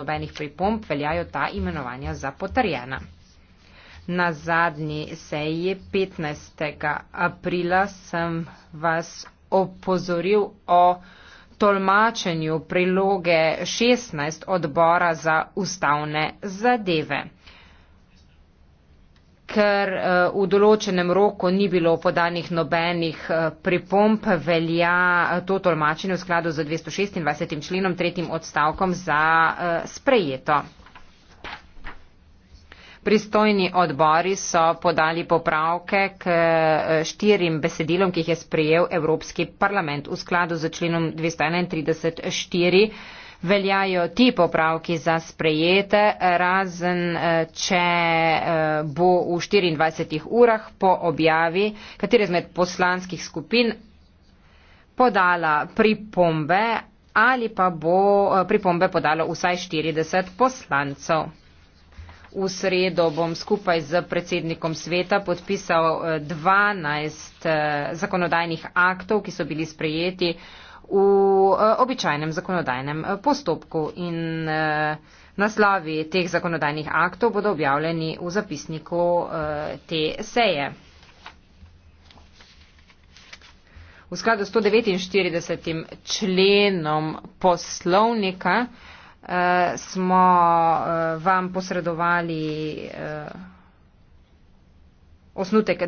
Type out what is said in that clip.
nobenih pripomb, veljajo ta imenovanja za potrjena. Na zadnji seji 15. aprila sem vas opozoril o tolmačenju priloge 16 odbora za ustavne zadeve ker eh, v določenem roku ni bilo podanih nobenih eh, pripomp, velja eh, to tolmačenje v skladu z 226. členom tretjim odstavkom za sprejeto. Pristojni odbori so podali popravke k štirim besedilom, ki jih je sprejel Evropski parlament v skladu z členom 231.4 veljajo ti popravki za sprejete, razen eh, če eh, bo v 24 urah po objavi katere izmed poslanskih skupin podala pripombe ali pa bo eh, pripombe podalo vsaj 40 poslancev. V sredo bom skupaj z predsednikom sveta podpisal 12 zakonodajnih aktov, ki so bili sprejeti v eh, običajnem zakonodajnem eh, postopku in eh, naslavi teh zakonodajnih aktov bodo objavljeni v zapisniku te seje. V skladu s 149. členom poslovnika eh, smo eh, vam posredovali eh, osnutek